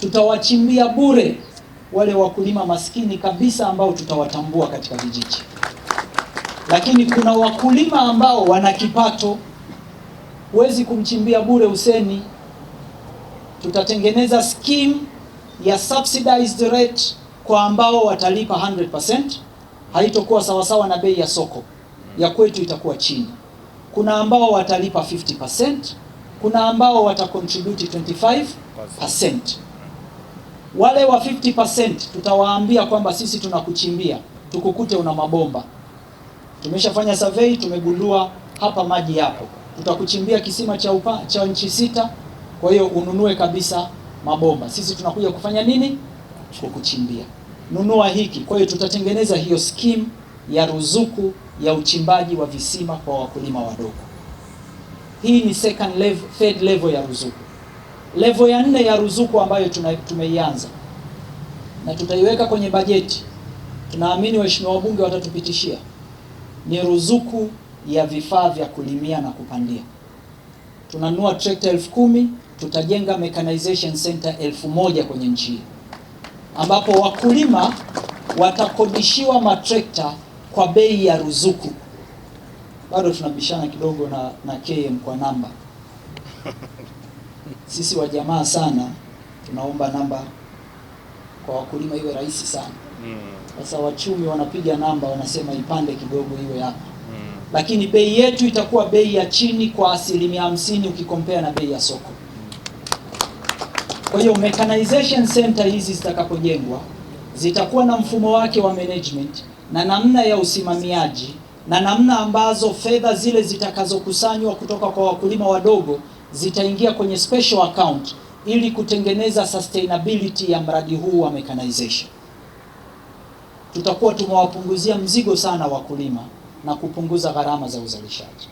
tutawachimbia bure wale wakulima maskini kabisa ambao tutawatambua katika vijiji, lakini kuna wakulima ambao wana kipato, huwezi kumchimbia bure useni. Tutatengeneza scheme ya subsidized rate kwa ambao watalipa 100%. Haitokuwa sawasawa na bei ya soko ya kwetu, itakuwa chini. Kuna ambao watalipa 50%, kuna ambao watakontribute 25%. Wale wa 50% tutawaambia kwamba sisi tunakuchimbia, tukukute una mabomba. Tumeshafanya survey, tumegundua hapa maji yapo, tutakuchimbia kisima cha upa, cha nchi sita. Kwa hiyo ununue kabisa mabomba, sisi tunakuja kufanya nini? Kukuchimbia, nunua hiki. Kwa hiyo tutatengeneza hiyo scheme ya ruzuku ya uchimbaji wa visima kwa wakulima wadogo. Hii ni second level, third level ya ruzuku levo ya nne ya ruzuku ambayo tumeianza na tutaiweka kwenye bajeti, tunaamini waheshimiwa wabunge watatupitishia, ni ruzuku ya vifaa vya kulimia na kupandia. Tunanunua trekta elfu kumi tutajenga mechanization center elfu moja kwenye nchi hii ambapo wakulima watakodishiwa matrekta kwa bei ya ruzuku. Bado tunabishana kidogo na, na KM kwa namba sisi wa jamaa sana tunaomba namba kwa wakulima iwe rahisi sana. Mm. Sasa mm. wachumi wanapiga namba, wanasema ipande kidogo iwe hapa mm. lakini bei yetu itakuwa bei ya chini kwa asilimia hamsini ukikompea na bei ya soko. Kwa hiyo mechanization center hizi zitakapojengwa zitakuwa na mfumo wake wa management na namna ya usimamiaji na namna ambazo fedha zile zitakazokusanywa kutoka kwa wakulima wadogo zitaingia kwenye special account ili kutengeneza sustainability ya mradi huu wa mechanization. Tutakuwa tumewapunguzia mzigo sana wakulima na kupunguza gharama za uzalishaji.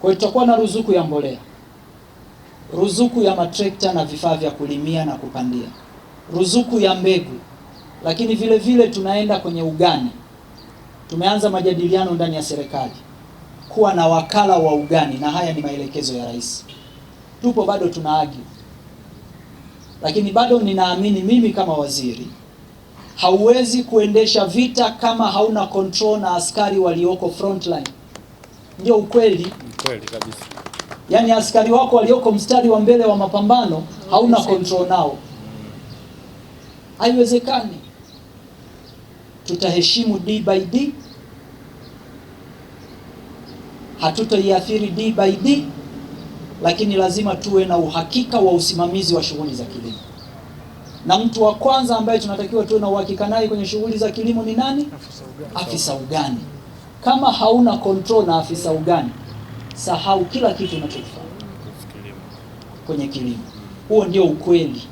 Kwa hiyo tutakuwa na ruzuku ya mbolea, ruzuku ya matrekta na vifaa vya kulimia na kupandia, ruzuku ya mbegu, lakini vile vile tunaenda kwenye ugani. Tumeanza majadiliano ndani ya serikali kuwa na wakala wa ugani, na haya ni maelekezo ya Rais tupo bado tuna argue, lakini bado ninaamini mimi kama waziri, hauwezi kuendesha vita kama hauna control na askari walioko frontline. Ndio ukweli, ukweli kabisa. Yaani askari wako walioko mstari wa mbele wa mapambano hauna control nao, haiwezekani. Tutaheshimu D by D, hatutaiathiri D by D lakini lazima tuwe na uhakika wa usimamizi wa shughuli za kilimo. Na mtu wa kwanza ambaye tunatakiwa tuwe na uhakika naye kwenye shughuli za kilimo ni nani? Afisa ugani. Kama hauna control na afisa ugani, sahau kila kitu unachokifanya kwenye kilimo. Huo ndio ukweli.